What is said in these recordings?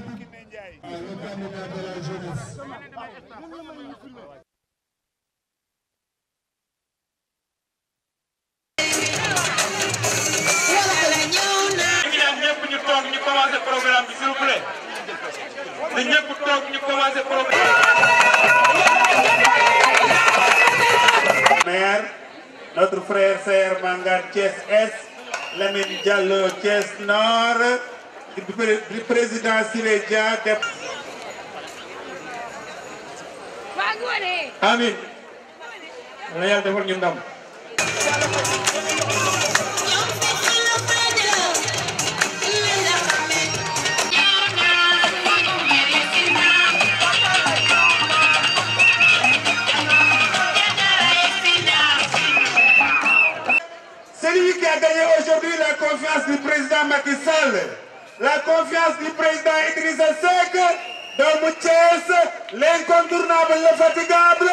Olympique ah, le candidat de la jeunesse. ñu commencé programme bi s'il vous plaît na ñëpp toog ñu commencé programme maire notre frère Sayer Mangane Thiès Est Lamine Diallo Thiès Nord du président Siré C'est lui qui a gagné aujourd'hui la confiance du président Macky Sall la confiance du président Idrissa Seck doomu Thiès l'incontournable le fatigable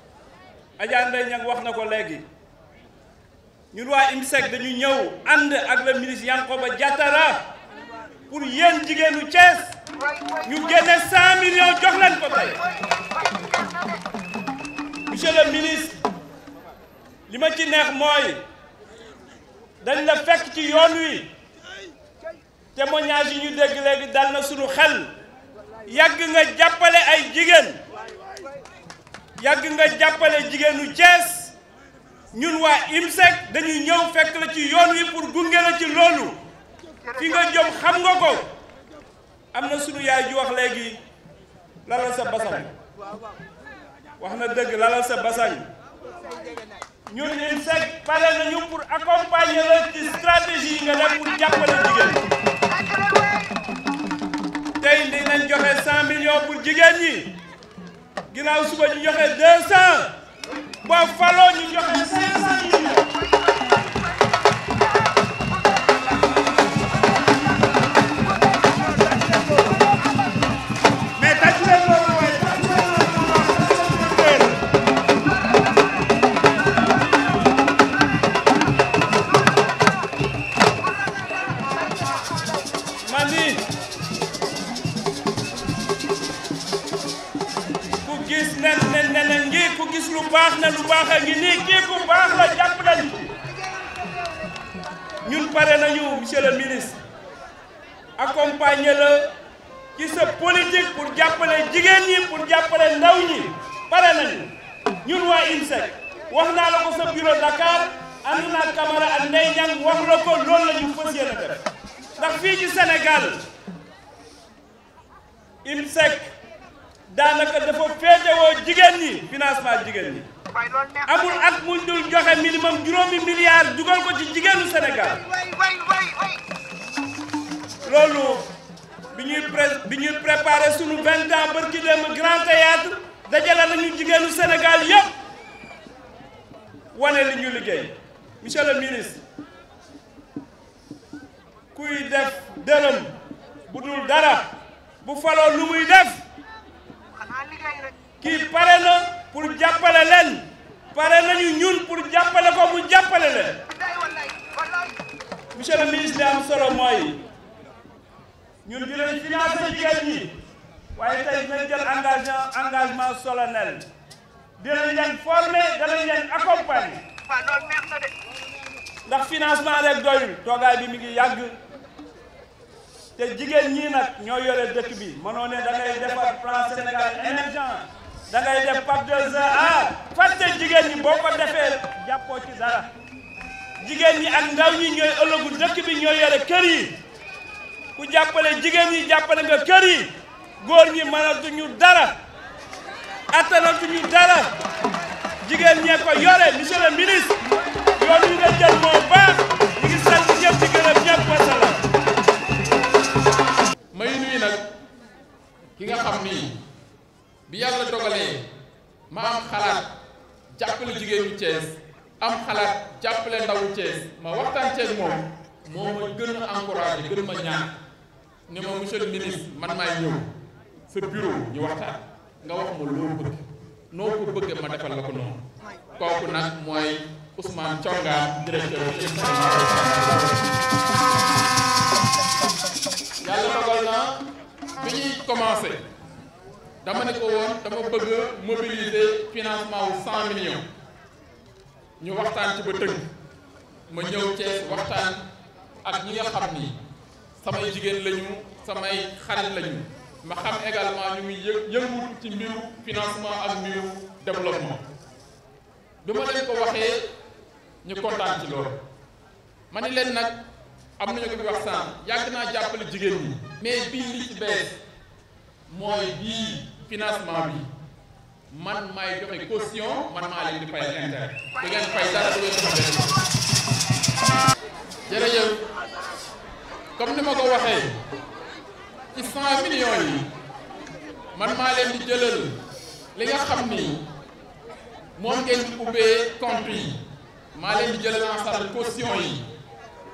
Adja Ndeye Niang wax na ko léegi ñun waa IMSEC dañu ñëw ànd ak le ministre Yankhoba Diattara pour yéen jigéenu Thiès ñu génne 100 millions jox ko tey monsieur ministre li ma ci neex mooy dañ la fekk ci yoon wi témoignage yi ñu dégg léegi dal na suñu xel yàgg nga jàppale ay jigéen. yàgg nga jàppale jigéenu Thiès ñun waa IMSEC dañuy ñëw fekk la ci yoon wi pour gunge la ci loolu fi nga jëm xam nga ko am na sunu yaay ju wax léegi lalal sa basang wax na dëgg lalal sa basang ñun IMSEC pare nañu pour accompagner la ci stratégie yi nga def pour jàppale jigéen tey dinañ joxe 100 millions pour jigéen ñi ginnaaw suba ñu joxe 200 boo faloo ñu joxe 500 yi baax na lu baax a ngi nii kii ku baax la jàpp nañ ñun la ci sa politique pour jàppale jigéen ñi pour jàppale ndaw ñi pare nañu ñun waa IMSEC wax naa la ko sa bureau Dakar ànd naa Camara ak Ndeye wax la ko loolu la ñu fas yéene def ndax danaka dafa wo jigen ni financement jigen ni amul ak muñ dul joxe minimum juróomi milliard dugal ko ci jigenu Sénégal lolu biñu biñu préparer bi ñuy sunu vingt ans barki dem grand théâtre dajale nañu jigenu Sénégal yëpp wone li ñu liggéey monsieur le ministre kuy def deureum budul dara bu falo lu muy def kii pare na pour jàppale leen pare nañu ñun pour jàppale ko mu jàppale leen monsieur le mi li am solo mooy ñun dinañ financer jigéen ñi waaye tey dinañ jël engagement engagement solennel dinañ leen former danañ leen accompagner ndax financement rek doyul toogaay bi mi ngi yàgg te jigéen ñii nag ñoo yore dëkk bi mënoo ne da ngay defar plan Sénégal émergent da ngay def PAP 2 ah, jigéen ñi boo ko defee jàppoo ci dara jigéen ñi ak ndaw ñi ñooy ëllëgu dëkk bi ñoo yore kër yi ku jàppale jigéen ñi jàppale nga kër yi góor ñi mënatuñu dara attanatuñu dara jigéen ñee ko yore monsieur le yoon wi nga jël waaye gën ma ñaan ne ma monsieur ministre man maay ñëw sa bureau ñu waxtaan nga wax ma loo bëgg noo ko bëggee ma defal la ko noonu kooku nag mooy Ousmane Thiongar directeur yàlla dogal na bi ñuy commencé dama ne ko woon dama bëgg mobiliser financement wu cent millions ñu waxtaan ci ba tëgg ma ñëw Thiès waxtaan ak ñi nga xam ni samay jigéen lañu samay xarit lañu ma xam également ñu ngi yë yëngu ci mbiru financement ak mbiru développement bi ma leen ko waxee ñu kontaan ci lool ma ne leen nag am nañu ko fi wax sànq yàgg naa jàppale jigéen ñi mais bii li ci bees mooy bii financement bi man maay joxe caution man maa leen di fay intérêt da ngeen fay dara du ngeen jërëjëf comme ni ma ko waxee ci cent millions yi man maa leen di jëlal li nga xam ni moom ngeen di ubbee compte yi maa leen di jëlal en charge caution yi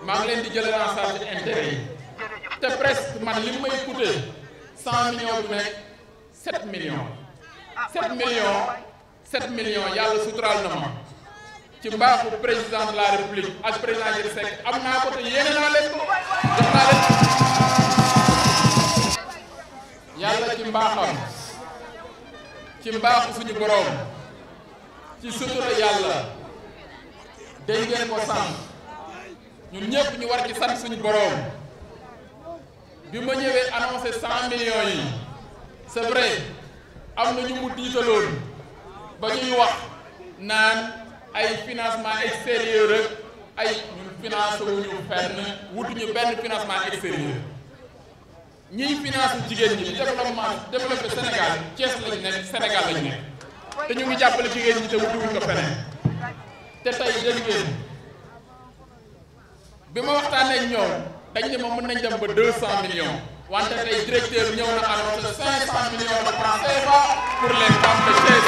maa ngi leen di jëlal en charge intérêt yi te presque man li may coûté cent millions bu nekk sept millions sept million sept million yàlla suturaal na ma ci mbaaxu président de la république ak président Idrissa Seck am naa ko te yéene naa leen ko jox naa leen yàlla ci mbaaxam ci mbaaxu suñu boroom ci sutura yàlla dañ ko sant ñun ñëpp ñu war ci sant suñu boroom bi ma ñëwee annoncé cent millions yi c'est am na ñu mu diitaloon ba ñuy wax naan ay financement extérieur ak ay ñun fenn wutuñu benn financement extérieur ñiy financé jigéen ñi développement de Sénégal Thiès lañ nekk Sénégal lañ nekk te ñu ngi jàppale jigéen ñi te wutuwuñ ko feneen te tey dégg bi ma waxtaanee ak ñoom dañ ne ma mën nañ dem ba deux wante tey directeur ñëw na annoncé cinq cent millions de francs CFA pour les femmes de Thiès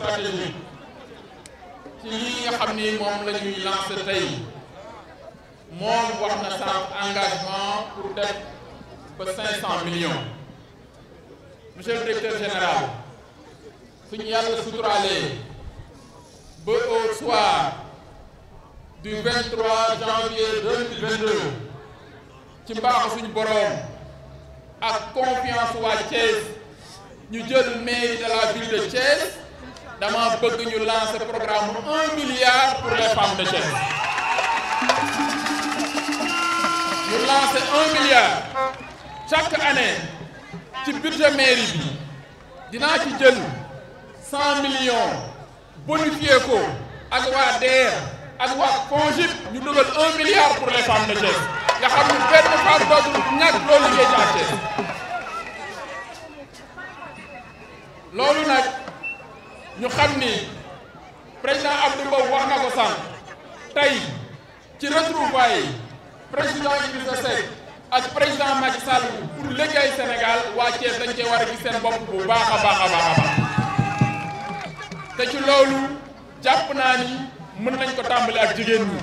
Qui ci nga réunion ce pays, mon engagement pour 500 millions monsieur le directeur général nous avons le ba au soir du 23 janvier 2022 ci parles de boroom ak confiance à Thiès ñu jël mairie de la ville de Thiès dama bëgg ñu le programme 1 milliard pour les femmes de jeunes. Nous lançons 1 milliard chaque année ci budget mairie bi dina ci jël 100 millions bonifié ko ak wa DR ak wa ñu 1 milliard pour les femmes de chef nga xam ni benn femme doogu ñak loolu ngay jàppee ñu xam ni président Abdou Mbow wax na ko sànq tey ci retrouvailles yi président Idrissa Seck ak président Macky Sall pour liggéey Sénégal waa Thiès dañ cee war a gis seen bopp bu baax a baax a baax a baax te ci loolu jàpp naa ni mën nañ ko tàmbali ak jigéen ñi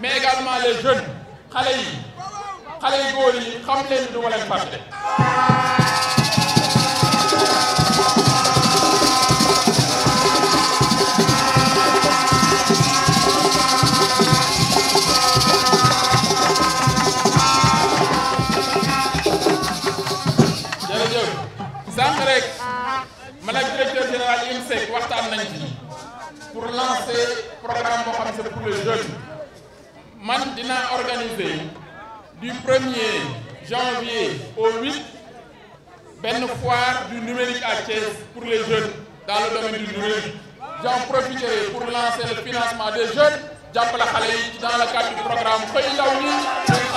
mais également les jeunes xale yi xale yu góor yi xam leen ni du ma leen pour lancer le programme pour les jeunes Maintenant organisé organiser du er janvier au 8 une foire du numérique à Thiès pour les jeunes dans le domaine du numérique j'en profiterai pour lancer le financement des jeunes la dans le cadre du programme